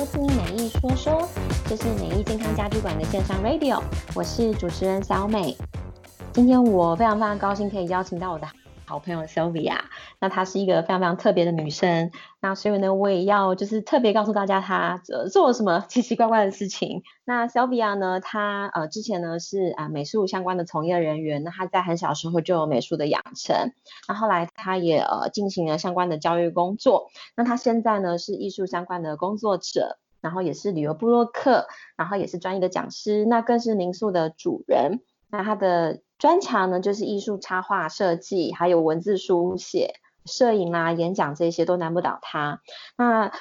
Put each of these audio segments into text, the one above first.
收聽美意說說，這是美意健康家居館的線上 radio，我是主持人小美。今天我非常非常高興可以邀請到我的好朋友 Silvia。那她是一個非常非常特別的女生，那所以呢，我也要就是特別告訴大家她呃做了什麼奇奇怪怪的事情。那 Silvia 呢，她呃之前呢是啊、呃、美術相關的從業人員，那她在很小時候就有美術的養成，那後來她也呃進行了相關的教育工作，那她現在呢是藝術相關的工作者，然後也是旅遊部落客，然後也是專業的講師，那更是民宿的主人。那她的專長呢就是藝術插畫設計，還有文字書寫。攝影啦、啊、演講這些都難不倒他。那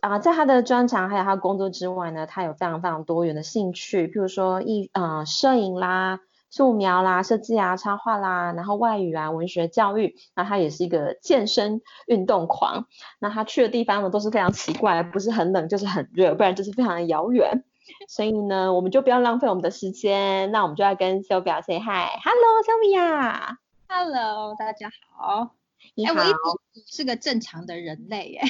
啊、呃，在他的專長還有他工作之外呢，他有非常非常多元的興趣，譬如說藝啊、呃、攝影啦、素描啦、設計啊、插畫啦，然後外語啊、文學教育。那他也是一個健身運動狂。那他去的地方呢都是非常奇怪，不是很冷就是很熱，不然就是非常的遙遠。 所以呢，我們就不要浪費我們的時間。那我們就要跟 Silvia 說嗨，Hello Silvia 呀，Hello 大家好。哎、欸，我一直是個正常的人類耶，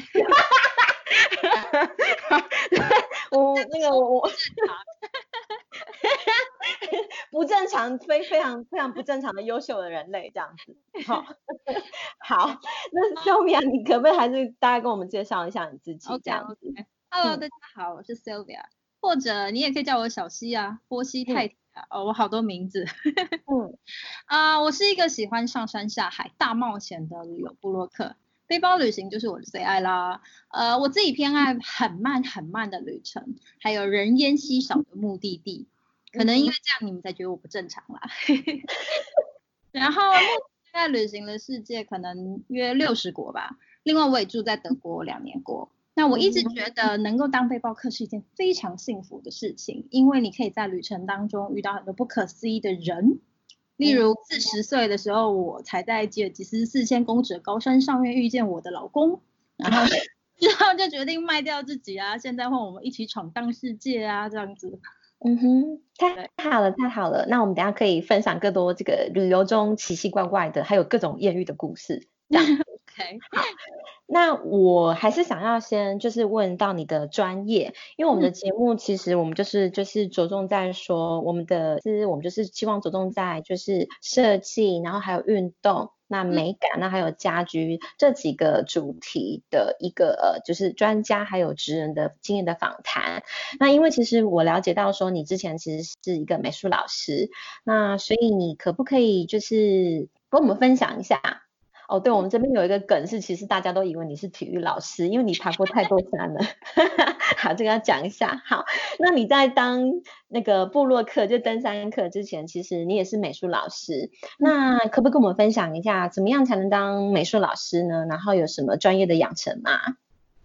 我那個我正， 正常，不正常非非常非常不正常的優秀的人類這樣子， 好，好， 那 Silvia 你可不可以還是大概跟我們介紹一下你自己這樣子？Okay, okay.Hello，大家好， 我是 Silvia。或者你也可以叫我小溪啊，波西泰、啊，嗯、哦，我好多名字。 嗯，啊、呃，我是一個喜歡上山下海、大冒險的旅遊部落客，背包旅行就是我的最愛啦。呃，我自己偏愛很慢、很慢的旅程，還有人煙稀少的目的地。可能因為這樣，你們才覺得我不正常啦。 然後，目前在旅行的世界可能約六十國吧。另外，我也住在德國兩年過。那我一直覺得能夠當背包客是一件非常幸福的事情，嗯、因為你可以在旅程當中遇到很多不可思議的人。嗯、例如四十歲的時候，我才在吉爾吉斯四千公尺的高山上面遇見我的老公，然後之後、啊、就決定賣掉自己啊， 現在換我們一起闖蕩世界啊，這樣子。嗯哼，太好了，對太好了。那我們等一下可以分享更多這個旅遊中奇奇怪怪的，還有各種艷遇的故事。 好，那我還是想要先就是問到你的專業，因為我們的節目其實我們就是、嗯、就是着重在說我們的，是我們就是希望着重在就是設計，然後還有運動，那美感，那、嗯、還有家居這幾個主題的一個呃就是專家還有職人的經驗的訪談。那因為其實我了解到說你之前其實是一個美術老師，那所以你可不可以就是跟我們分享一下？哦，對，我們這邊有一個梗是，其實大家都以為你是體育老師，因為你爬過太多山了。 好，這個要講一下。好，那你在當那個部落客就登山客之前，其實你也是美術老師。那可不可以跟我們分享一下，怎麼樣才能當美術老師呢？然後有什麼專業的養成嗎？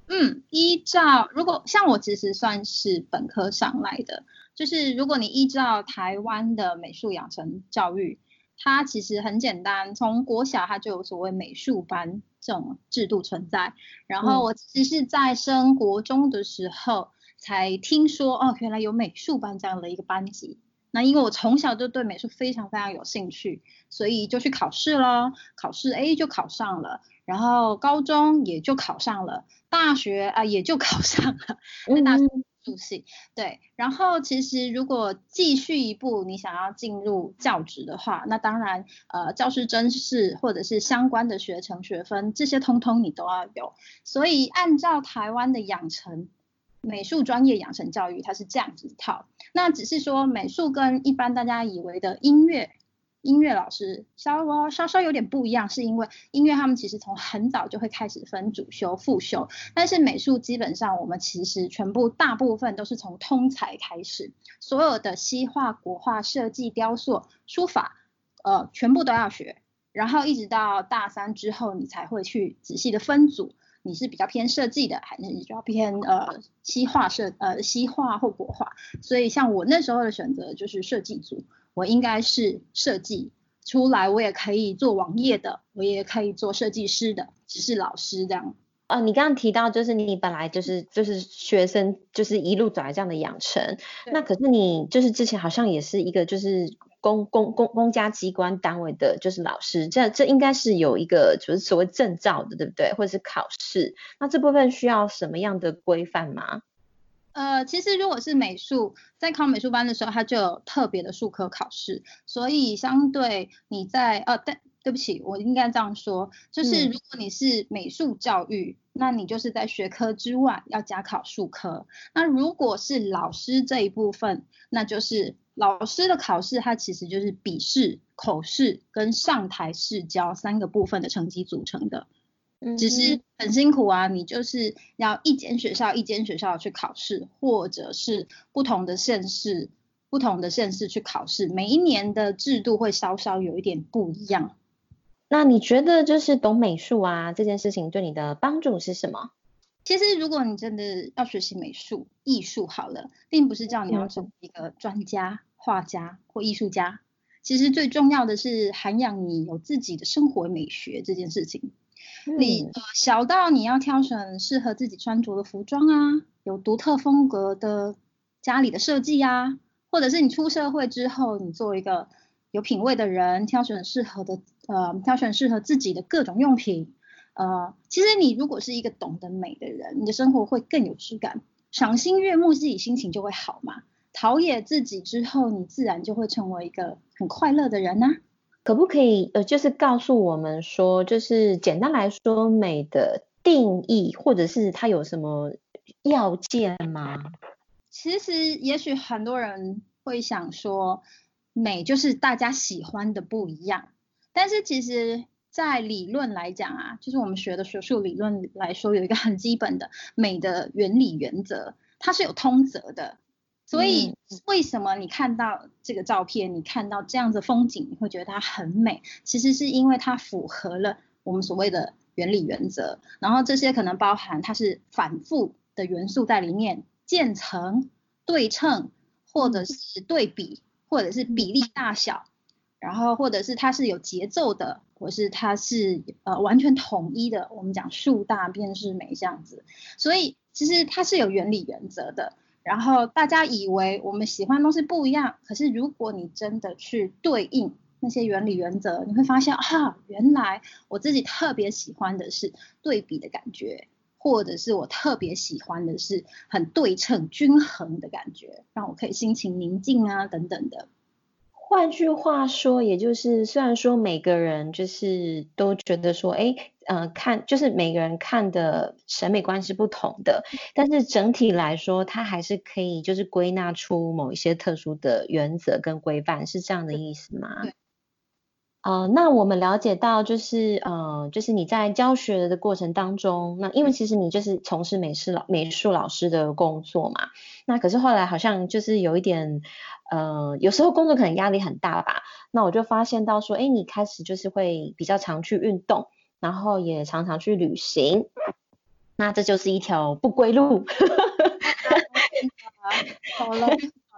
嗯，依照如果像我其實算是本科上來的，就是如果你依照台灣的美術養成教育。它其實很簡單，從國小它就有所謂美術班這種制度存在。然後我其實是在升國中的時候才聽說，哦，原來有美術班這樣的一個班級。那因為我從小就對美術非常非常有興趣，所以就去考試嘍。考試 a 就考上了，然後高中也就考上了，大學啊也就考上了。那大學。屬性對，然後其實如果繼續一步，你想要進入教職的話，那當然，呃，教師甄試、或者是相關的學程學分，這些通通你都要有。所以按照台灣的養成美術專業養成教育，它是這樣子一套。那只是說美術跟一般大家以為的音樂。音樂老師稍稍稍稍有點不一樣，是因為音樂他們其實從很早就會開始分主修、副修，但是美術基本上我們其實全部大部分都是從通才開始，所有的西畫、國畫、設計、雕塑、書法，呃，全部都要學，然後一直到大三之後，你才會去仔細的分組，你是比較偏設計的，還是比較偏呃西畫設呃西畫或國畫？所以像我那時候的選擇就是設計組。我應該是設計出來，我也可以做網頁的，我也可以做設計師的，只是老師這樣。啊、呃，你剛剛提到就是你本來就是、嗯、就是學生，就是一路走來這樣的養成。對那可是你就是之前好像也是一個就是公公公公家機關單位的，就是老師，這這應該是有一個就是所謂證照的，對不對？或者是考試？那這部分需要什麼樣的規範嗎？呃，其實如果是美術，在考美術班的時候，它就有特別的術科考試，所以相對你在呃、哦，對，對不起，我應該這樣說，就是如果你是美術教育，嗯、那你就是在學科之外要加考術科。那如果是老師這一部分，那就是老師的考試，它其實就是筆試、口試跟上台試教三個部分的成績組成的。只是很辛苦啊，你就是要一間學校一間學校去考試，或者是不同的縣市、不同的縣市去考試，每一年的制度會稍稍有一點不一樣。那你覺得就是懂美術啊，這件事情對你的幫助是什麼？其實如果你真的要學習美術、藝術好了，並不是叫你要做一個專家、畫家或藝術家。其實最重要的是涵養你有自己的生活美學，這件事情。你、呃、小到你要挑選適合自己穿着的服裝啊，有獨特風格的家裡的設計啊，或者是你出社會之後，你做一個有品味的人，挑選適合的呃，挑選適合自己的各種用品。呃，其實你如果是一個懂得美的人，你的生活會更有質感，賞心悅目，自己心情就會好嘛。陶冶自己之後，你自然就會成為一個很快樂的人吶、啊。可不可以呃，就是告訴我們說，就是簡單來說，美的定義或者是它有什麼要件嗎？其實也許很多人會想說，美就是大家喜歡的不一樣，但是其實，在理論來講啊，就是我們學的學術理論來說，有一個很基本的美的原理原則，它是有通則的。所以，嗯、為什麼你看到這個照片，你看到這樣子的風景，你會覺得它很美？其實是因為它符合了我們所謂的原理原則。然後這些可能包含它是反復的元素在裡面，漸層、對稱，或者是對比，嗯、或者是比例大小，然後或者是它是有節奏的，或者是它是呃完全統一的。我們講“數大便是美”這樣子，所以其實它是有原理原則的。然後大家以為我們喜歡的東西不一樣，可是如果你真的去對應那些原理原則，你會發現啊，原來我自己特別喜歡的是對比的感覺，或者是我特別喜歡的是很對稱、均衡的感覺，讓我可以心情寧靜啊，等等的。換句話說，也就是雖然說每個人就是都覺得說，誒。呃，看就是每個人看的審美觀是不同的，但是整體來說，它還是可以就是歸納出某一些特殊的原則跟規範，是這樣的意思嗎？對、呃。那我們了解到就是呃，就是你在教學的過程當中，那因為其實你就是從事美術老美術老師的工作嘛，那可是後來好像就是有一點，呃，有時候工作可能壓力很大吧，那我就發現到說，哎、欸，你開始就是會比較常去運動。然後也常常去旅行，那這就是一條不歸路，哈哈哈哈哈。好了，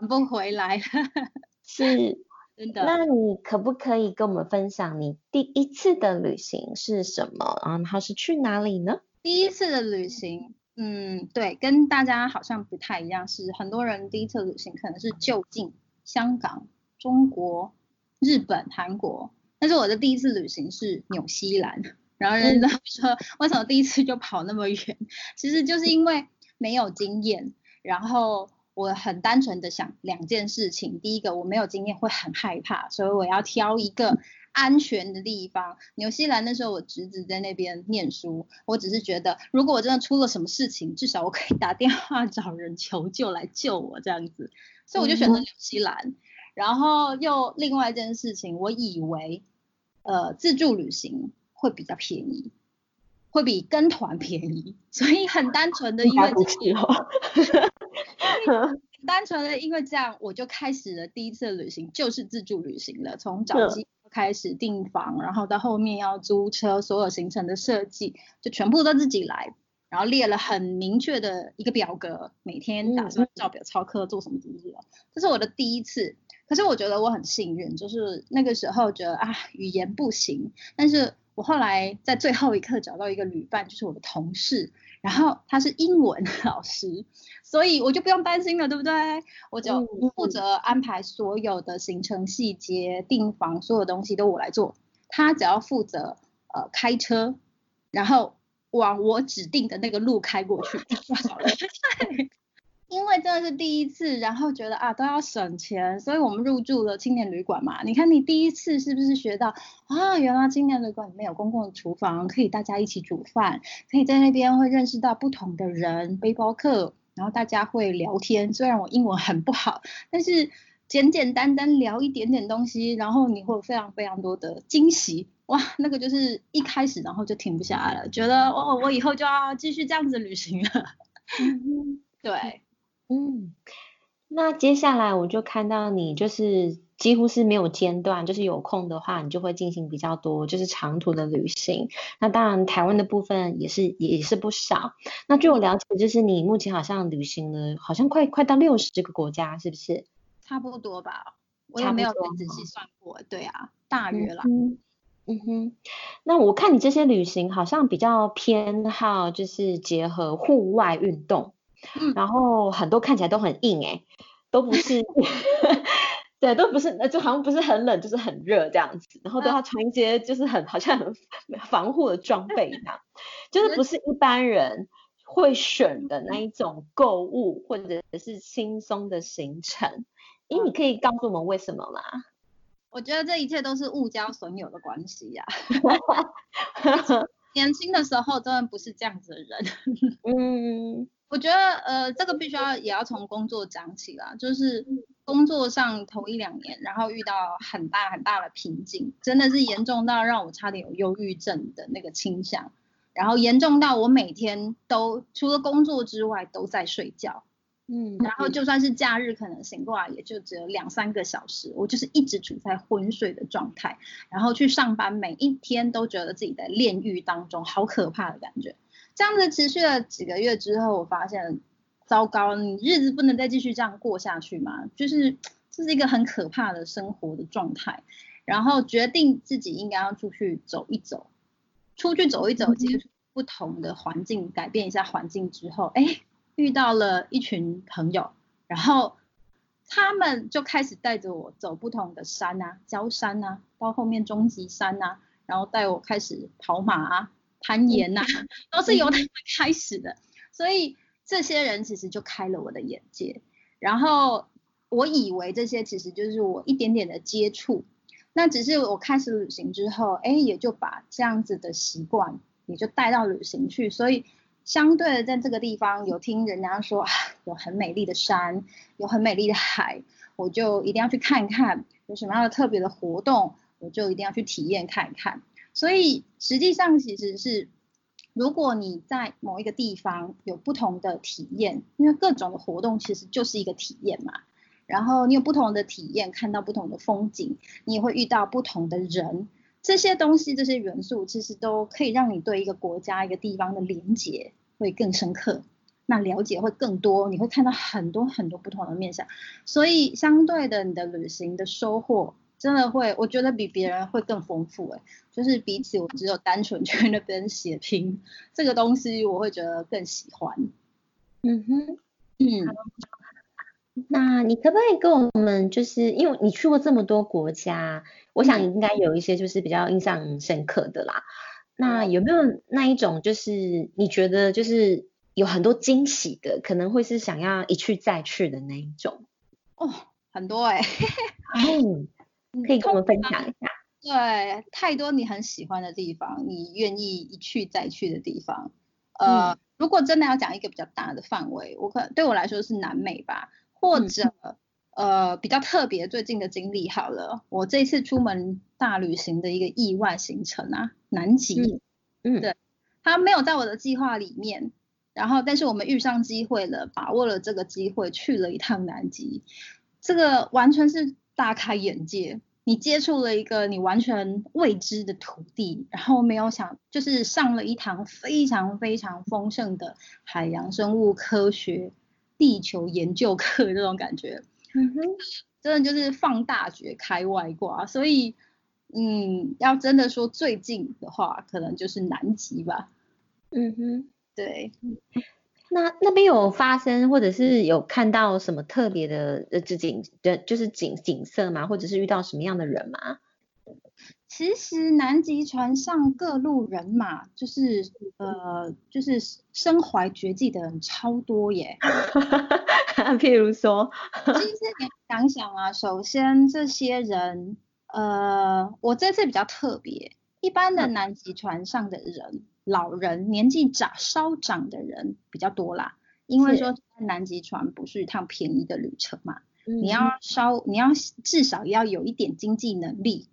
不回來，哈哈，是， 真的。那你可不可以跟我們分享你第一次的旅行是什麼？然後是去哪裡呢？第一次的旅行，嗯，對，跟大家好像不太一樣，是很多人第一次旅行可能是就近香港、中國、日本、韓國，但是我的第一次旅行是紐西蘭。然後人家說為什麼第一次就跑那麼遠？其實就是因為沒有經驗。然後我很單純的想兩件事情：第一個，我沒有經驗會很害怕，所以我要挑一個安全的地方。紐西蘭那時候我侄子在那邊念書，我只是覺得如果我真的出了什麼事情，至少我可以打電話找人求救來救我這樣子。所以我就選擇紐西蘭。然後又另外一件事情，我以為呃自助旅行。會比較便宜，會比跟團便宜，所以很單純的因為自己了，哈哈。很單純的因為這樣，我就開始了第一次旅行，就是自助旅行了。從找機開始訂房，是然後到後面要租車，所有行程的設計就全部都自己來，然後列了很明確的一個表格，每天打算照表操課做什麼什麼什麼。這是我的第一次，可是我覺得我很幸運，就是那個時候覺得啊，語言不行，但是。我後來在最後一刻找到一個旅伴，就是我的同事，然後他是英文老師，所以我就不用擔心了，對不對？我就負責安排所有的行程細節、訂房，所有的東西都我來做，他只要負責呃開車，然後往我指定的那個路開過去就好了。 因為這是第一次，然後覺得啊，都要省錢，所以我們入住了青年旅館嘛。你看，你第一次是不是學到啊？哦，原來青年旅館裡面有公共廚房，可以大家一起煮飯，可以在那邊會認識到不同的人，背包客，然後大家會聊天。雖然我英文很不好，但是簡簡單單聊一點點東西，然後你會有非常非常多的驚喜哇！那個就是一開始，然後就停不下來了，覺得哦，我以後就要繼續這樣子旅行了。嗯嗯 對。嗯，那接下來我就看到你就是幾乎是沒有間斷，就是有空的話，你就會進行比較多就是長途的旅行。那當然，台灣的部分也是也是不少。那據我了解，就是你目前好像旅行了，好像快快到六十個國家，是不是？差不多吧，我也沒有仔細算過。對啊，大約啦。哦，嗯。嗯哼，那我看你這些旅行好像比較偏好就是結合戶外運動。然後很多看起來都很硬，欸、都不是， 對，都不是，就好像不是很冷，就是很熱這樣子。然後對他穿一些就是很，嗯、好像很防護的裝備一樣，嗯、就是不是一般人會選的那一種購物，嗯、或者是輕鬆的行程。哎、欸，嗯、你可以告訴我們為什麼嗎？我覺得這一切都是誤交損友的關係呀，啊。 年輕的時候真的不是這樣子的人。 嗯。我覺得呃，這個必須要也要從工作講起啦。就是工作上頭一兩年，然後遇到很大很大的瓶頸，真的是嚴重到讓我差點有憂鬱症的那個傾向，然後嚴重到我每天都除了工作之外都在睡覺，嗯，然後就算是假日，可能醒過來也就只有兩三個小時，我就是一直處在昏睡的狀態，然後去上班，每一天都覺得自己在煉獄當中，好可怕的感覺。這樣子持續了幾個月之後，我發現糟糕，你日子不能再繼續這樣過下去嘛，就是這是一個很可怕的生活的狀態。然後決定自己應該要出去走一走，出去走一走，接觸不同的環境，嗯、哼改變一下環境之後，哎、欸，遇到了一群朋友，然後他們就開始帶着我走不同的山啊，郊山啊，到後面中級山啊，然後帶我開始跑馬啊。攀岩吶、啊，都是由他們開始的，所以這些人其實就開了我的眼界。然後我以為這些其實就是我一點點的接觸，那只是我開始旅行之後，哎，也就把這樣子的習慣也就帶到旅行去。所以相對的，在這個地方有聽人家說、啊、有很美麗的山，有很美麗的海，我就一定要去看一看。有什麼樣的特別的活動，我就一定要去體驗看一看。所以實際上其實是，如果你在某一個地方有不同的體驗，因為各種的活動其實就是一個體驗嘛。然後你有不同的體驗，看到不同的風景，你也會遇到不同的人，這些東西這些元素其實都可以讓你對一個國家一個地方的連接會更深刻，那了解會更多，你會看到很多很多不同的面向。所以相對的，你的旅行的收穫。真的會，我覺得比別人會更豐富哎、欸，就是比起我只有單純去那邊寫評這個東西，我會覺得更喜歡。嗯哼，嗯、啊。那你可不可以跟我們，就是因為你去過這麼多國家，我想應該有一些就是比較印象深刻的啦。那有沒有那一種就是你覺得就是有很多驚喜的，可能會是想要一去再去的那一種？哦，很多哎。 嗯可以跟我分享一下。對，太多你很喜歡的地方，你願意一去再去的地方。呃，嗯、如果真的要講一個比較大的範圍，我可對我來說是南美吧，或者、嗯、呃比較特別最近的經歷好了。我這次出門大旅行的一個意外行程啊，南極。嗯。嗯對。它沒有在我的計劃裡面，然後但是我們遇上機會了，把握了這個機會去了一趟南極。這個完全是。大開眼界，你接觸了一個你完全未知的土地，然後沒有想，就是上了一堂非常非常豐盛的海洋生物科學、地球研究課這種感覺。Mm hmm. 真的就是放大絕開外掛，所以嗯，要真的說最近的話，可能就是南極吧。嗯哼、mm，hmm. 對。那那邊有發生，或者是有看到什麼特別的呃、就是、景，就是景景色嗎？或者是遇到什麼樣的人嗎？其實南極船上各路人馬，就是呃，就是身懷絕技的人超多耶，哈哈哈哈。譬如說， 其實你想想啊，首先這些人，呃，我這次比較特別，一般的南極船上的人。嗯老人年紀長稍長的人比較多啦，是因為說南極船不是一趟便宜的旅程嘛，嗯、你要稍你要至少要有一點經濟能力，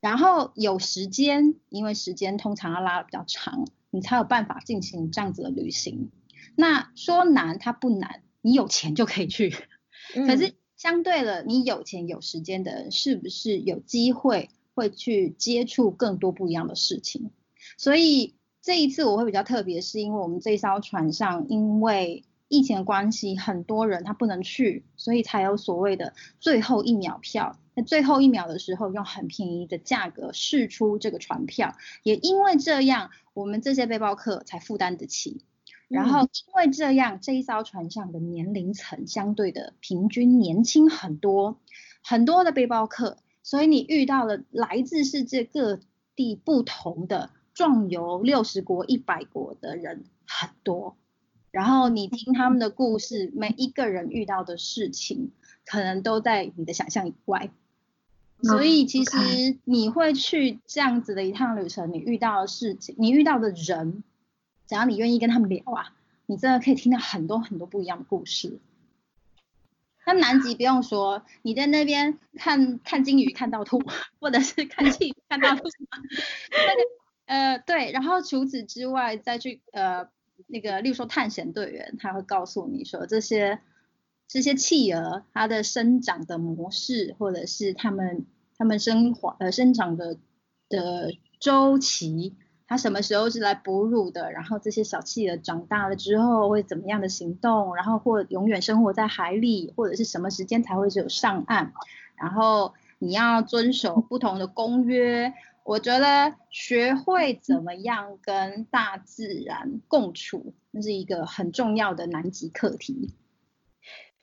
然後有時間，因為時間通常要拉得比較長，你才有辦法進行這樣子的旅行。那說難它不難，你有錢就可以去，嗯、可是相對了，你有錢有時間的人是不是有機會會去接觸更多不一樣的事情？所以。這一次我會比較特別，是因為我們這一艘船上，因為疫情的關係，很多人他不能去，所以才有所謂的最後一秒票。那最後一秒的時候，用很便宜的價格釋出這個船票，也因為這樣，我們這些背包客才負擔得起。然後因為這樣，這一艘船上的年齡層相對的平均年輕很多，很多的背包客，所以你遇到了來自世界各地不同的。壯遊六十國、一百國的人很多，然後你聽他們的故事，每一個人遇到的事情，可能都在你的想象以外。所以其實你會去這樣子的一趟旅程，你遇到的事情，你遇到的人，只要你願意跟他們聊啊，你真的可以聽到很多很多不一樣的故事。那南極不用說，你在那邊看看鯨魚看到吐，或者是看氣看到吐嗎？ 那個呃，對，然後除此之外，再去呃，那個，例如說探險隊員，他會告訴你說，這些這些企鵝，它的生長的模式，或者是它們它們生活呃生長的的週期，它什麼時候是來哺乳的，然後這些小企鵝長大了之後會怎麼樣的行動，然後或永遠生活在海裡，或者是什麼時間才會是有上岸，然後你要遵守不同的公約。我覺得學會怎麼樣跟大自然共處，那是一個很重要的南極課題。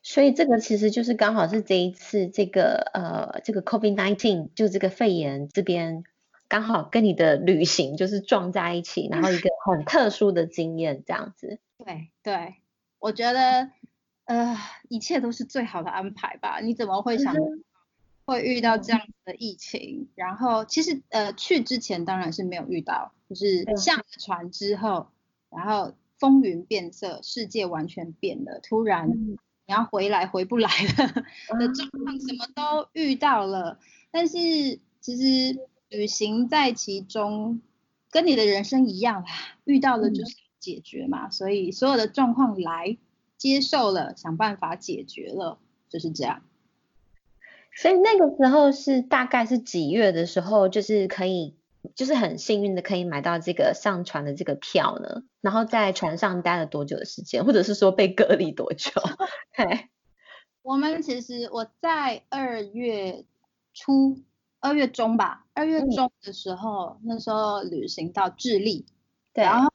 所以這個其實就是剛好是這一次這個呃這個 COVID-19 就這個肺炎這邊剛好跟你的旅行就是撞在一起，嗯、然後一個很特殊的經驗這樣子。對對，我覺得呃一切都是最好的安排吧。你怎麼會想？會遇到這樣的疫情，嗯、然後其實呃去之前當然是沒有遇到，就是上了船之後，然後風雲變色，世界完全變了，突然、嗯、你要回來回不來了、嗯、的狀況，什麼都遇到了。但是其實旅行在其中，跟你的人生一樣啦，遇到了就是解決嘛，嗯、所以所有的狀況來接受了，想辦法解決了，就是這樣。所以那個時候是大概是幾月的時候，就是可以，就是很幸運的可以買到這個上船的這個票呢？然後在船上待了多久的時間，或者是說被隔離多久？嘿，我們其實我在二月初、二月中吧，二月中的時候，嗯、那時候旅行到智利，對然後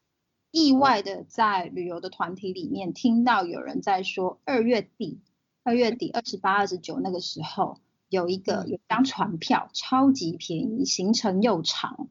意外的在旅遊的團體裡面聽到有人在說二月底、二月底二十八、二十九那個時候。有一個有張船票，超級便宜，行程又長，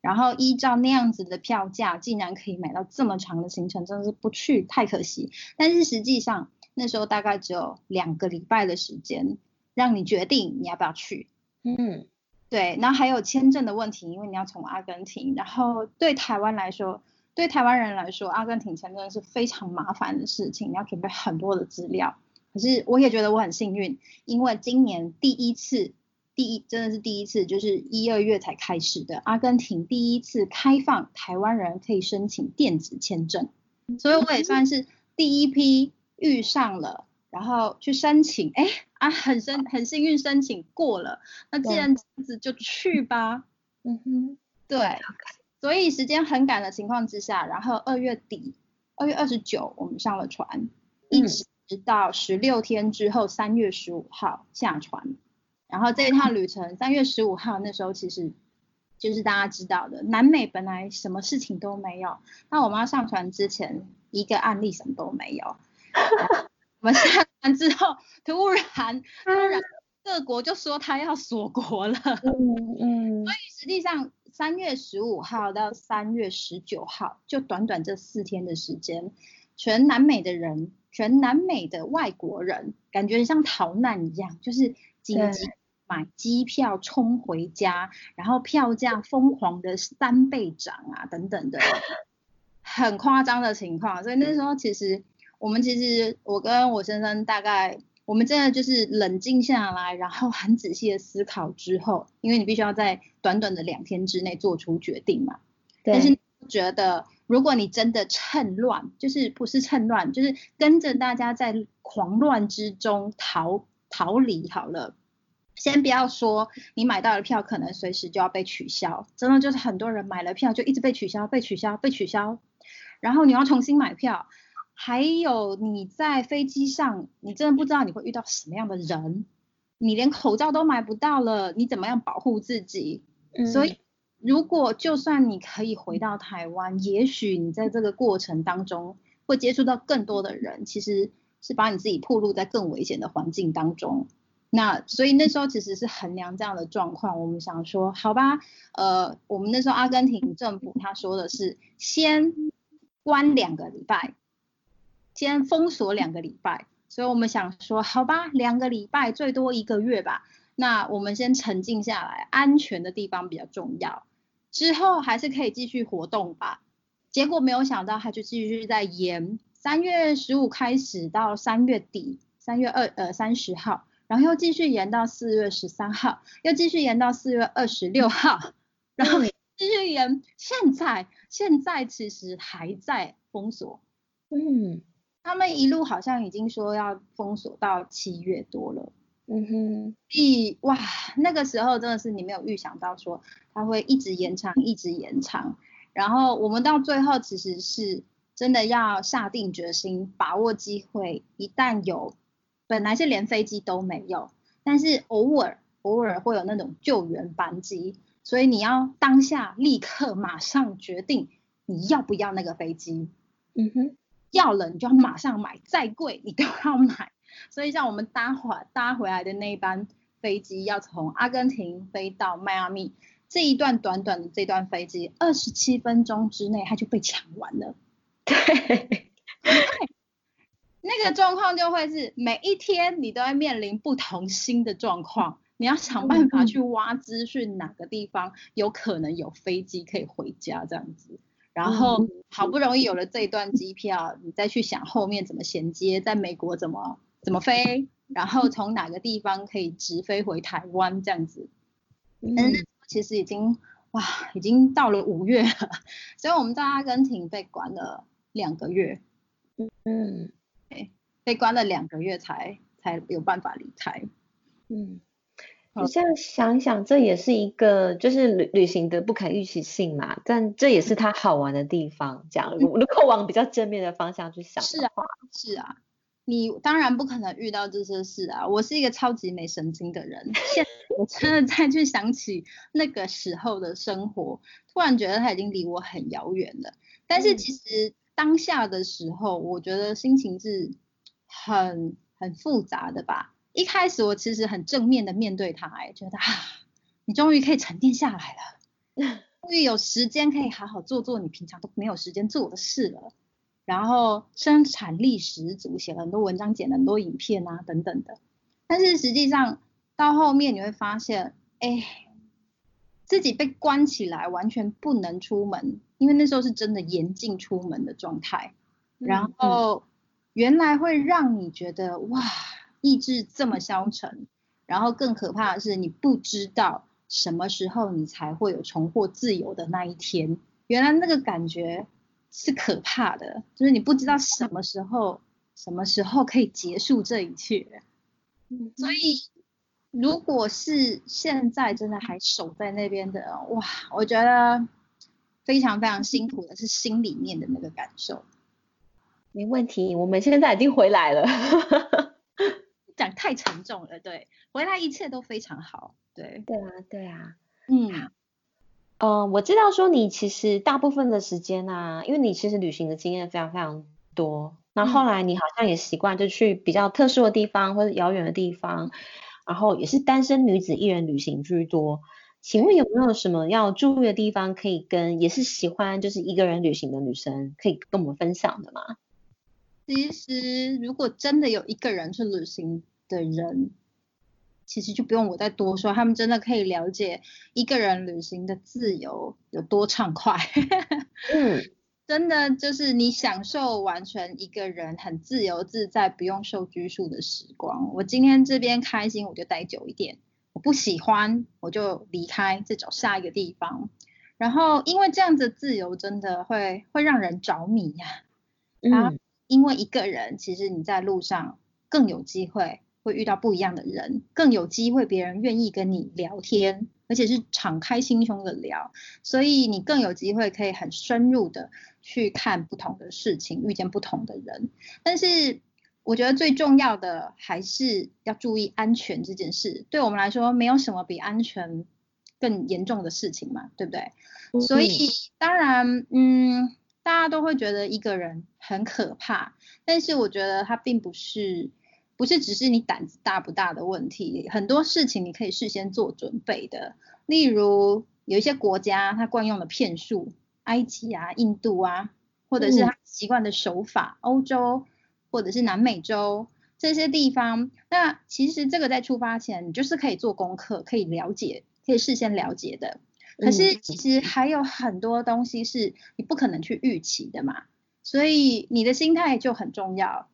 然後依照那樣子的票價，竟然可以買到這麼長的行程，真的是不去太可惜。但是實際上那時候大概只有兩個禮拜的時間，讓你決定你要不要去。嗯，對，那還有簽證的問題，因為你要從阿根廷，然後對台灣來說，對台灣人來說，阿根廷簽證是非常麻煩的事情，你要準備很多的資料。可是我也覺得我很幸運，因為今年第一次，第一真的是第一次，就是一二月才開始的，阿根廷第一次開放台灣人可以申請電子簽證，嗯、所以我也算是第一批遇上了，然後去申請，哎啊很生很幸運申請過了，那既然這樣子就去吧，對嗯哼，對，所以時間很趕的情況之下，然後二月底，二月二十九我們上了船，嗯、一直。直到十六天之後，三月十五號下船。然後這一趟旅程，三月十五號那時候，其實就是大家知道的，南美本來什麼事情都沒有。那我們要上船之前，一個案例什麼都沒有。 我們下船之後，突然突然各國就說他要鎖國了。嗯嗯。嗯，所以實際上，三月十五號到三月十九號，就短短這四天的時間，全南美的人。全南美的外國人感覺像逃難一樣，就是緊急買機票衝回家，對然後票價瘋狂的三倍漲啊，等等的，很誇張的情況。所以那時候其實對我們其實我跟我先生大概我們真的就是冷靜下來，然後很仔細的思考之後，因為你必須要在短短的兩天之內做出決定嘛。對。但是覺得如果你真的趁亂，就是不是趁亂，就是跟着大家在狂亂之中逃逃離好了。先不要說你買到的票可能隨時就要被取消，真的就是很多人買了票就一直被取消，被取消，被取消，然後你要重新買票。還有你在飛機上，你真的不知道你會遇到什麼樣的人，你連口罩都買不到了，你怎麼樣保護自己？嗯、所以。如果就算你可以回到台灣，也許你在這個過程當中會接觸到更多的人，其實是把你自己暴露在更危險的環境當中。那所以那時候其實是衡量這樣的狀況，我們想說，好吧，呃，我們那時候阿根廷政府他說的是先關兩個禮拜，先封鎖兩個禮拜，所以我們想說，好吧，兩個禮拜最多一個月吧，那我們先沉靜下來，安全的地方比較重要。之後還是可以繼續活動吧，結果沒有想到，他就繼續在延，三月十五開始到三月底，三月二呃三十號，然後繼續延到四月十三號，又繼續延到四月二十六號，然後繼續延，現在現在其實還在封鎖，嗯，他們一路好像已經說要封鎖到七月多了。嗯哼，b 哇，那個時候真的是你沒有預想到說它會一直延長，一直延長。然後我們到最後其實是真的要下定決心，把握機會。一旦有，本來是連飛機都沒有，但是偶爾偶爾會有那種救援班機，所以你要當下立刻馬上決定你要不要那個飛機。嗯哼，要了你就要馬上買，再貴你都要買。所以，像我們搭回搭回來的那一班飛機，要從阿根廷飛到邁阿密，這一段短短的這段飛機，二十七分鐘之內，它就被搶完了。對，對，那個狀況就會是每一天你都要面臨不同新的狀況，你要想辦法去挖資訊，哪個地方、嗯、有可能有飛機可以回家這樣子。然後、嗯、好不容易有了這一段機票，嗯、你再去想後面怎麼銜接，在美國怎麼。怎麼飛？然後從哪個地方可以直飛回台灣這樣子？嗯，其實已經哇，已經到了五月了，所以我們在阿根廷被關了兩個月，嗯，被關了兩個月才才有辦法離開。嗯，你這樣想想，這也是一個就是旅旅行的不可預期性嘛，但這也是它好玩的地方。假如、嗯、如果往比較正面的方向去想。是啊，是啊。你當然不可能遇到這些事啊！我是一個超級沒神經的人。現在我真的再去想起那個時候的生活，突然覺得他已經離我很遙遠了。但是其實當下的時候，我覺得心情是很很複雜的吧。一開始我其實很正面的面對他，哎，覺得啊，你終於可以沉澱下來了，終於有時間可以好好做做你平常都沒有時間做的事了。然後生產力十足，寫了很多文章，剪了很多影片啊，等等的。但是實際上到後面你會發現，哎，自己被關起來，完全不能出門，因為那時候是真的嚴禁出門的狀態。然後原來會讓你覺得哇，意志這麼消沉。然後更可怕的是，你不知道什麼時候你才會有重獲自由的那一天。原來那個感覺。是可怕的，就是你不知道什麼時候、什麼時候可以結束這一切。嗯，所以如果是現在真的還守在那邊的，哇，我覺得非常非常辛苦的是心裡面的那個感受。沒問題，我們現在已經回來了。講 太沉重了，對，回來一切都非常好，對。對啊，對啊，嗯。嗯嗯、呃，我知道說你其實大部分的時間吶、啊，因為你其實旅行的經驗非常非常多。那後，後來你好像也習慣就去比較特殊的地方或者遙遠的地方，然後也是單身女子一人旅行居多。請問有沒有什麼要注意的地方可以跟，也是喜歡就是一個人旅行的女生可以跟我們分享的嗎？其實如果真的有一個人去旅行的人。其實就不用我再多說，他們真的可以了解一個人旅行的自由有多暢快。嗯， 真的就是你享受完全一個人很自由自在、不用受拘束的時光。我今天這邊開心，我就待久一點；我不喜歡，我就離開，再找下一個地方。然後，因為這樣子自由真的會會讓人着迷呀、啊。嗯，因為一個人，其實你在路上更有機會。會遇到不一樣的人，更有機會別人願意跟你聊天，而且是敞開心胸的聊，所以你更有機會可以很深入的去看不同的事情，遇見不同的人。但是我覺得最重要的還是要注意安全這件事。對我們來說，沒有什麼比安全更嚴重的事情嘛，對不對？所以、嗯、當然，嗯，大家都會覺得一個人很可怕，但是我覺得他並不是。不是只是你膽子大不大的問題，很多事情你可以事先做準備的。例如有一些國家，他慣用的騙術，埃及啊、印度啊，或者是他習慣的手法，嗯、歐洲或者是南美洲這些地方，那其實這個在出發前你就是可以做功課，可以了解，可以事先了解的。可是其實還有很多東西是你不可能去預期的嘛，所以你的心態就很重要。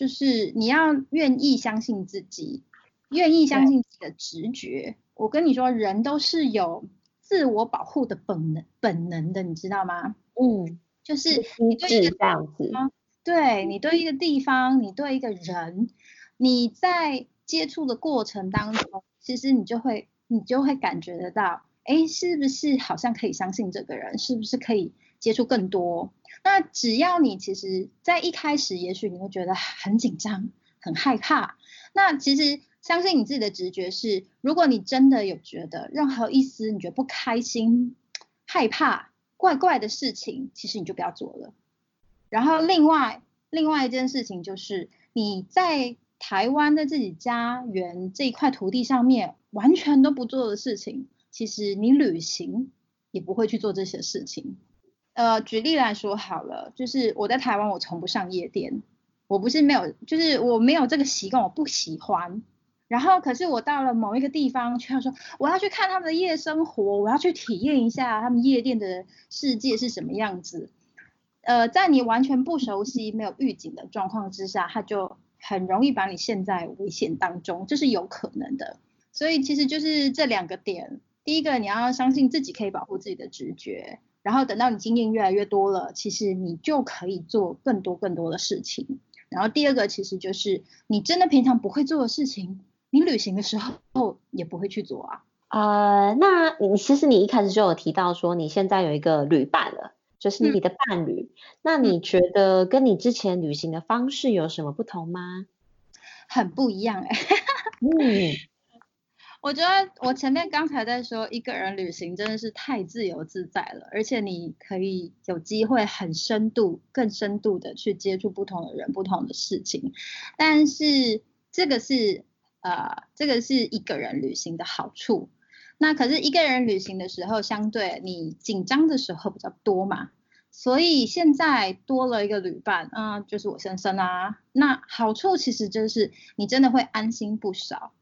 就是你要願意相信自己，願意相信自己的直覺。對我跟你說，人都是有自我保護的本能，本能的，你知道嗎？嗯，就是你對一個地方，對你對一個地方，你對一個人，你在接觸的過程當中，其實你就會，你就會感覺得到，哎，是不是好像可以相信這個人？是不是可以？接觸更多。那只要你其實，在一開始，也許你會覺得很緊張、很害怕。那其實，相信你自己的直覺是，如果你真的有覺得任何一絲你覺得不開心、害怕、怪怪的事情，其實你就不要做了。然後，另外另外一件事情就是，你在台灣的自己家園這一塊土地上面完全都不做的事情，其實你旅行也不會去做這些事情。呃，舉例來說好了，就是我在台灣，我從不上夜店，我不是沒有，就是我沒有這個習慣，我不喜歡。然後，可是我到了某一個地方，卻要說我要去看他們的夜生活，我要去體驗一下他們夜店的世界是什麼樣子。呃，在你完全不熟悉、沒有預警的狀況之下，它就很容易把你陷在危險當中，這，就是有可能的。所以，其實就是這兩個點：第一個，你要相信自己可以保護自己的直覺。然後等到你經驗越來越多了，其實你就可以做更多更多的事情。然後第二個，其實就是你真的平常不會做的事情，你旅行的時候也不會去做啊。呃，那你其實你一開始就有提到說你現在有一個旅伴了，就是你的伴侶。嗯，那你覺得跟你之前旅行的方式有什麼不同嗎？很不一樣哎，欸。 嗯。我覺得我前面剛才在說，一個人旅行真的是太自由自在了，而且你可以有機會很深度、更深度的去接觸不同的人、不同的事情。但是這個是呃，這個是一個人旅行的好處。那可是一個人旅行的時候，相對你緊張的時候比較多嘛。所以現在多了一個旅伴啊，呃，就是我先生啊。那好處其實就是你真的會安心不少。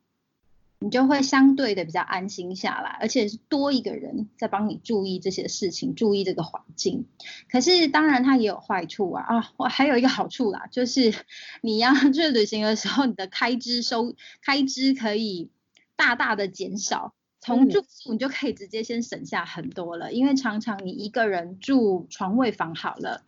你就會相對的比較安心下來，而且是多一個人在幫你注意這些事情，注意這個環境。可是當然它也有壞處啊。啊，我還有一個好處啦，就是你要去旅行的時候，你的開支收開支可以大大的減少。從住宿你就可以直接先省下很多了，因為常常你一個人住床位房好了，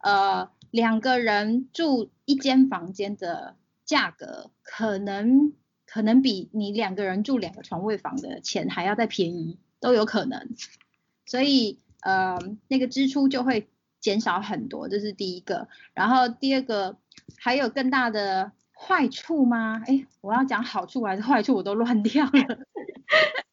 呃，兩個人住一間房間的價格可能。可能比你兩個人住兩個床位房的錢還要再便宜，都有可能，所以呃，那個支出就會減少很多，這是第一個。然後第二個，還有更大的壞處嗎？哎，我要講好處還是壞處，我都亂掉了。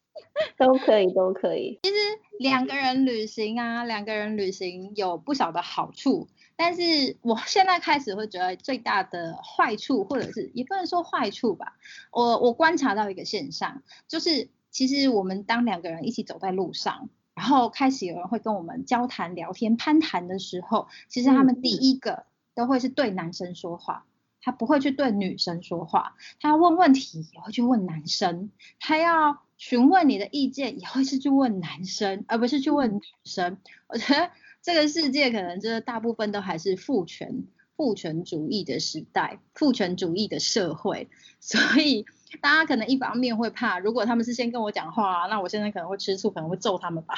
都可以，都可以。其實兩個人旅行啊，兩個人旅行有不少的好處。但是我現在開始會覺得最大的壞處，或者是也不能說壞處吧，我我觀察到一個現象，就是其實我們當兩個人一起走在路上，然後開始有人會跟我們交談、聊天、攀談的時候，其實他們第一個都會是對男生說話，他不會去對女生說話，他要問問題也會去問男生，他要詢問你的意見也會是去問男生而不是去問女生，我覺得。這個世界可能就是大部分都還是父權、父權主義的時代、父權主義的社會，所以大家可能一方面會怕，如果他們事先跟我講話，那我先生可能會吃醋，可能會揍他們吧。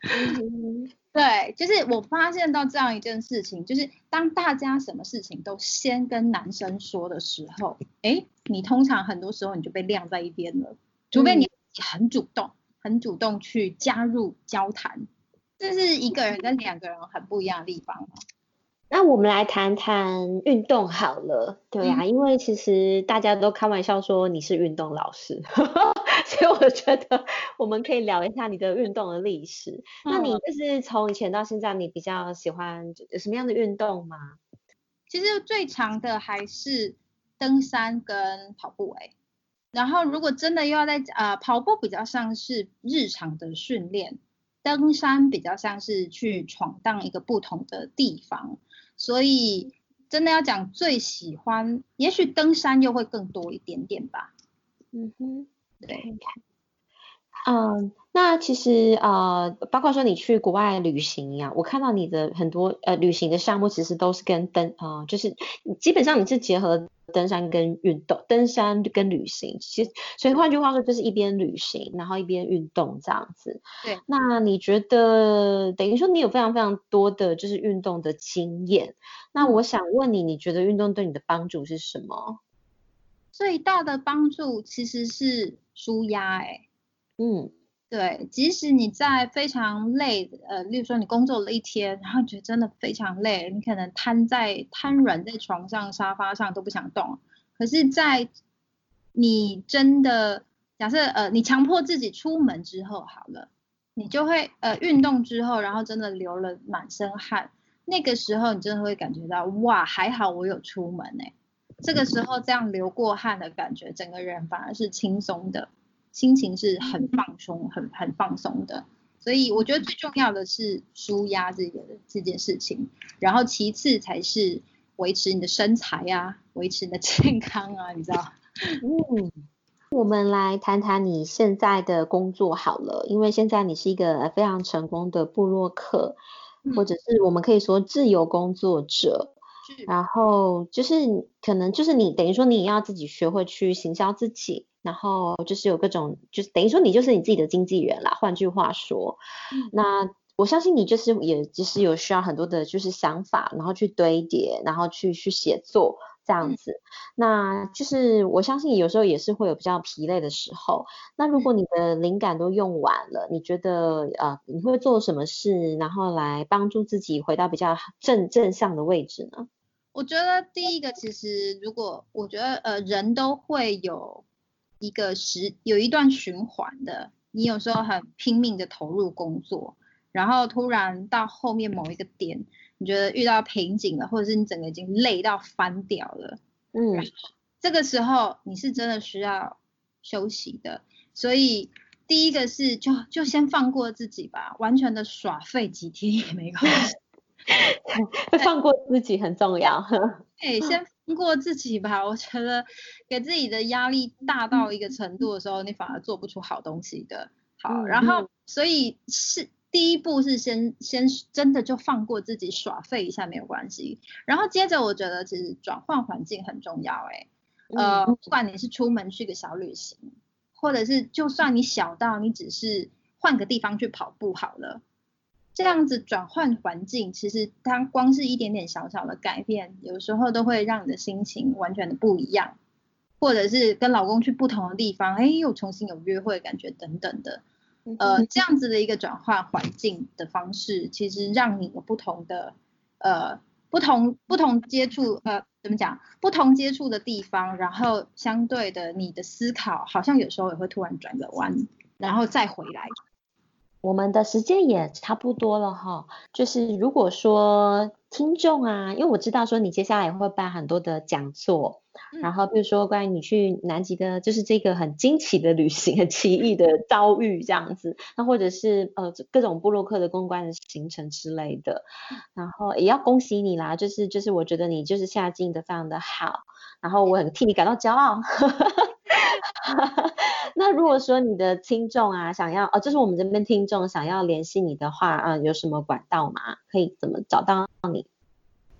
嗯嗯嗯、對，就是我發現到這樣一件事情，就是當大家什麼事情都先跟男生說的時候，哎，你通常很多時候你就被晾在一邊了，除非你很主動、嗯、很主動去加入交談。這是一個人跟兩個人很不一樣的地方。那我們來談談運動好了，對呀、啊，嗯、因為其實大家都開玩笑說你是運動老師， 所以我覺得我們可以聊一下你的運動的歷史。嗯、那你就是從以前到現在，你比較喜歡有什麼樣的運動嗎？其實最長的還是登山跟跑步哎、欸，然後如果真的要再、呃、跑步比較像是日常的訓練。登山比較像是去闖蕩一個不同的地方，所以真的要講最喜歡，也許登山又會更多一點點吧。嗯哼、Mm-hmm. 對。嗯，那其實呃，包括說你去國外旅行呀、啊，我看到你的很多呃旅行的項目，其實都是跟登啊、呃，就是基本上你是結合登山跟運動，登山跟旅行，其實所以換句話說就是一邊旅行然後一邊運動這樣子。對。那你覺得等於說你有非常非常多的就是運動的經驗，那我想問你，你覺得運動對你的幫助是什麼？最大的幫助其實是舒壓、欸，哎。嗯，對，即使你在非常累，呃，例如說你工作了一天，然後你覺得真的非常累，你可能癱在癱軟在床上、沙發上都不想動。可是，在你真的假設，呃，你強迫自己出門之後，好了，你就會呃運動之後，然後真的流了滿身汗，那個時候你真的會感覺到，哇，還好我有出門誒、欸。這個時候這樣流過汗的感覺，整個人反而是輕鬆的。心情是很放鬆、很很放鬆的，所以我覺得最重要的是紓壓這個這件事情，然後其次才是維持你的身材啊，維持你的健康啊，你知道？嗯，我們來談談你現在的工作好了，因為現在你是一個非常成功的部落客，嗯、或者是我們可以說自由工作者。然後就是可能就是你等於說你要自己學會去行銷自己，然後就是有各種就是等於說你就是你自己的經紀人啦。換句話說，嗯、那我相信你就是也就是有需要很多的就是想法，然後去堆疊，然後去去寫作這樣子。嗯、那就是我相信有時候也是會有比較疲累的時候。那如果你的靈感都用完了，你覺得呃你會做什麼事，然後來幫助自己回到比較正正向的位置呢？我覺得第一個，其實如果我覺得，呃，人都會有一個時有一段循環的。你有時候很拼命的投入工作，然後突然到後面某一個點，你覺得遇到瓶頸了，或者是你整個已經累到翻掉了，嗯，然後這個時候你是真的需要休息的。所以第一個是就就先放過自己吧，完全的耍廢幾天也沒關係。 放過自己很重要。對，先放過自己吧。嗯、我覺得給自己的壓力大到一個程度的時候，嗯、你反而做不出好東西的。好，嗯、然後所以是第一步是先先真的就放過自己耍廢一下沒有關係。然後接着我覺得其實轉換環境很重要、欸。哎、嗯，呃，不管你是出門去個小旅行，或者是就算你小到你只是換個地方去跑步好了。這樣子轉換環境，其實它光是一點點小小的改變，有時候都會讓你的心情完全的不一樣，或者是跟老公去不同的地方，哎，又重新有約會感覺等等的，呃，這樣子的一個轉換環境的方式，其實讓你有不同的呃不同不同接觸呃怎麼講不同接觸的地方，然後相對的你的思考好像有時候也會突然轉個彎，然後再回來。我們的時間也差不多了哈，就是如果說聽眾啊，因為我知道說你接下來也會辦很多的講座，嗯、然後比如說關於你去南極的，就是這個很驚奇的旅行，很奇異的遭遇這樣子，那或者是呃各種部落客的公關的行程之類的，然後也要恭喜你啦，就是就是我覺得你就是下鏡的非常的好，然後我很替你感到驕傲。嗯 那如果說你的聽眾啊想要哦，就是我們這邊聽眾想要聯繫你的話啊、嗯，有什麼管道嗎？可以怎麼找到你？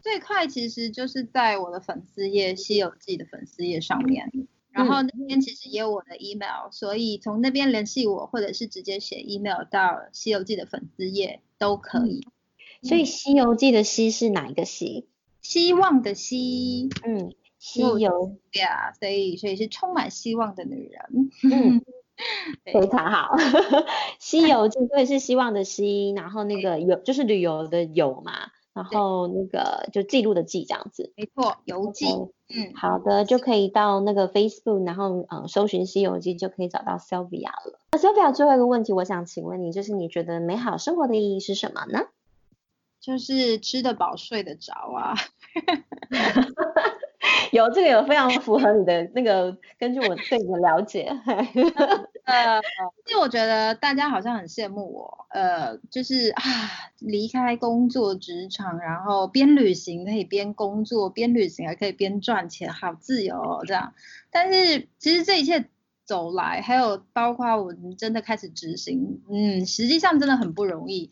最快其實就是在我的粉絲頁《希遊記》的粉絲頁上面，然後那邊其實也有我的 email，、嗯、所以從那邊聯繫我，或者是直接寫 email 到《希遊記》的粉絲頁都可以。嗯、所以《希遊記》的“希”是哪一個“希”？希望的希“希”。嗯。希遊，對啊，所以所以是充滿希望的女人，嗯，非常好。希遊，對，是希望的希，然後那個遊，就是旅遊的遊嘛，然後那個就記錄的記這樣子，沒錯，遊記，嗯，好的，就可以到那個 Facebook，然後嗯，搜尋希遊記就可以找到 Silvia 了。那 Silvia 最後一個問題，我想請問你，就是你覺得美好生活的意義是什麼呢？就是吃得飽、睡得着啊。有這個有非常符合你的那個，根據我對你的了解。 嗯、呃，因為我覺得大家好像很羨慕我，呃，就是啊，離開工作職場，然後邊旅行可以邊工作，邊旅行還可以邊賺錢，好自由哦，這樣。但是其實這一切走來，還有包括我們真的開始執行，嗯，實際上真的很不容易，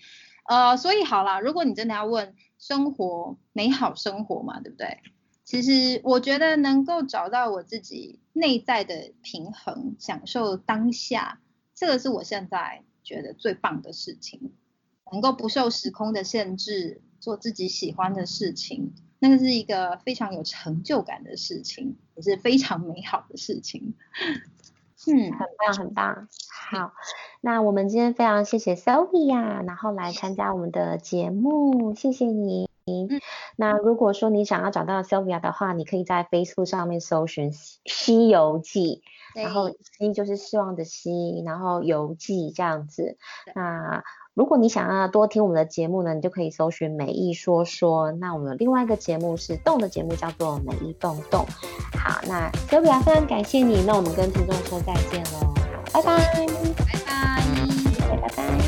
呃，所以好啦，如果你真的要問生活美好生活嘛，對不對？其實我覺得能夠找到我自己內在的平衡，享受當下，這個是我現在覺得最棒的事情。能夠不受時空的限制，做自己喜歡的事情，那個是一個非常有成就感的事情，也是非常美好的事情。嗯，嗯，很棒，很棒。好，那我們今天非常謝謝 Silvia，然後來參加我們的節目，謝謝你。嗯、那如果說你想要找到 Silvia 的話，你可以在 Facebook 上面搜尋希《希遊記》對，然後希就是希望的希，然後遊記這樣子。對那如果你想要多聽我們的節目呢，你就可以搜尋“美意說說”。那我們有另外一個節目是動的節目，叫做“美意動動”。好，那 Silvia 非常感謝你，那我們跟聽眾說再見嘍，拜拜，拜拜。